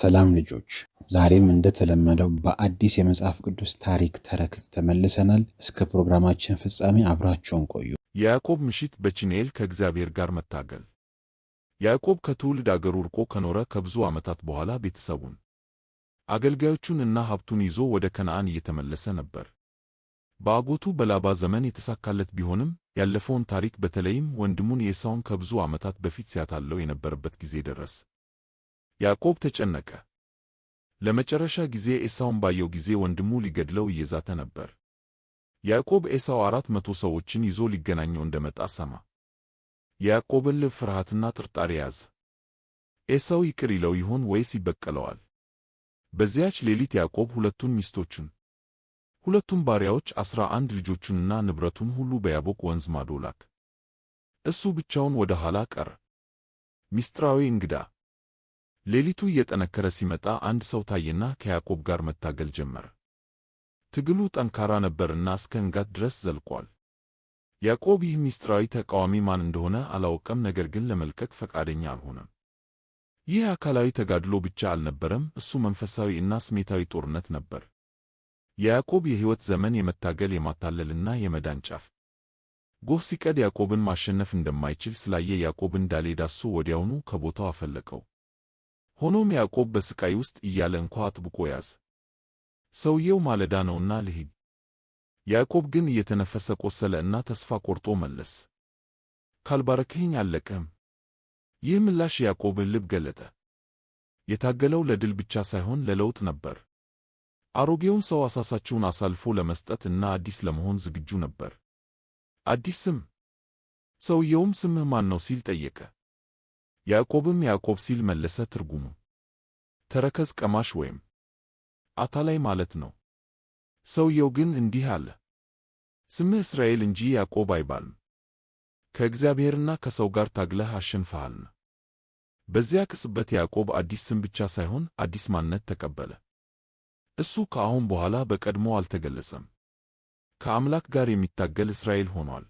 ሰላም ልጆች፣ ዛሬም እንደተለመደው በአዲስ የመጽሐፍ ቅዱስ ታሪክ ተረክም ተመልሰናል። እስከ ፕሮግራማችን ፍጻሜ አብራቸውን ቆዩ። የያዕቆብ ምሽት በችንኤል ከእግዚአብሔር ጋር መታገል። ያዕቆብ ከትውልድ አገሩ ርቆ ከኖረ ከብዙ ዓመታት በኋላ ቤተሰቡን፣ አገልጋዮቹን እና ሀብቱን ይዞ ወደ ከነዓን እየተመለሰ ነበር። በአጎቱ በላባ ዘመን የተሳካለት ቢሆንም ያለፈውን ታሪክ በተለይም ወንድሙን ኤሳውን ከብዙ ዓመታት በፊት ሲያታለው የነበረበት ጊዜ ደረስ። ያዕቆብ ተጨነቀ። ለመጨረሻ ጊዜ ኤሳውን ባየው ጊዜ ወንድሙ ሊገድለው እየዛተ ነበር። ያዕቆብ ኤሳው አራት መቶ ሰዎችን ይዞ ሊገናኘው እንደመጣ ሰማ። የያዕቆብን ልብ ፍርሃትና ጥርጣሬ ያዘ። ኤሳው ይቅር ይለው ይሆን ወይስ ይበቀለዋል? በዚያች ሌሊት ያዕቆብ ሁለቱን ሚስቶቹን፣ ሁለቱም ባሪያዎች፣ ዐሥራ አንድ ልጆቹንና ንብረቱን ሁሉ በያቦቅ ወንዝ ማዶ ላክ። እሱ ብቻውን ወደ ኋላ ቀረ። ምስጢራዊ እንግዳ ሌሊቱ እየጠነከረ ሲመጣ አንድ ሰው ታየና ከያዕቆብ ጋር መታገል ጀመረ። ትግሉ ጠንካራ ነበርና እስከ ንጋት ድረስ ዘልቋል። ያዕቆብ ይህ ምስጢራዊ ተቃዋሚ ማን እንደሆነ አላወቀም፣ ነገር ግን ለመልቀቅ ፈቃደኛ አልሆነም። ይህ አካላዊ ተጋድሎ ብቻ አልነበረም፣ እሱ መንፈሳዊ እና ስሜታዊ ጦርነት ነበር። የያዕቆብ የሕይወት ዘመን የመታገል የማታለልና የመዳን ጫፍ ጎህ ሲቀድ ያዕቆብን ማሸነፍ እንደማይችል ስላየ ያዕቆብን ዳሌ ዳሶ ወዲያውኑ ከቦታው አፈለቀው። ሆኖም ያዕቆብ በስቃይ ውስጥ እያለ እንኳ አጥብቆ ያዘ። ሰውየው ማለዳ ነውና ልሂድ። ያዕቆብ ግን እየተነፈሰ ቆሰለ እና ተስፋ ቆርጦ መለስ። ካልባረከኝ አለቀ። ይህ ምላሽ ያዕቆብን ልብ ገለጠ። የታገለው ለድል ብቻ ሳይሆን ለለውጥ ነበር። አሮጌውን ሰው አሳሳቸውን አሳልፎ ለመስጠት እና አዲስ ለመሆን ዝግጁ ነበር። አዲስ ስም። ሰውየውም ስምህ ማን ነው ሲል ጠየቀ። ያዕቆብም ያዕቆብ ሲል መለሰ። ትርጉሙ ተረከዝ ቀማሽ ወይም አታላይ ማለት ነው። ሰውየው ግን እንዲህ አለ፣ ስምህ እስራኤል እንጂ ያዕቆብ አይባልም፣ ከእግዚአብሔርና ከሰው ጋር ታግለህ አሸንፈሃልና። በዚያ ቅጽበት ያዕቆብ አዲስ ስም ብቻ ሳይሆን አዲስ ማንነት ተቀበለ። እሱ ከአሁን በኋላ በቀድሞ አልተገለጸም፣ ከአምላክ ጋር የሚታገል እስራኤል ሆኗል።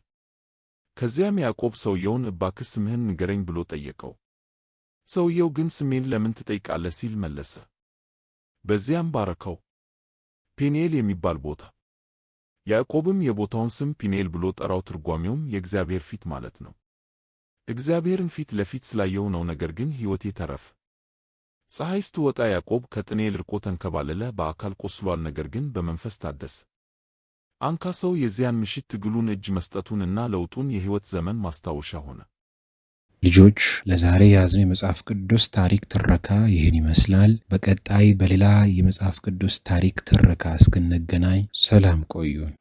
ከዚያም ያዕቆብ ሰውየውን እባክህ ስምህን ንገረኝ ብሎ ጠየቀው። ሰውየው ግን ስሜን ለምን ትጠይቃለህ ሲል መለሰ። በዚያም ባረከው። ፔኒኤል የሚባል ቦታ። ያዕቆብም የቦታውን ስም ፒኔል ብሎ ጠራው። ትርጓሜውም የእግዚአብሔር ፊት ማለት ነው። እግዚአብሔርን ፊት ለፊት ስላየው ነው። ነገር ግን ሕይወቴ ተረፈ። ፀሐይ ስትወጣ ያዕቆብ ከጥኔ ርቆ ተንከባለለ። በአካል ቆስሏል፣ ነገር ግን በመንፈስ ታደሰ። አንካሳው የዚያን ምሽት ትግሉን እጅ መስጠቱንና ለውጡን የሕይወት ዘመን ማስታወሻ ሆነ። ልጆች ለዛሬ የያዝነው የመጽሐፍ ቅዱስ ታሪክ ትረካ ይህን ይመስላል። በቀጣይ በሌላ የመጽሐፍ ቅዱስ ታሪክ ትረካ እስክንገናኝ ሰላም ቆዩን።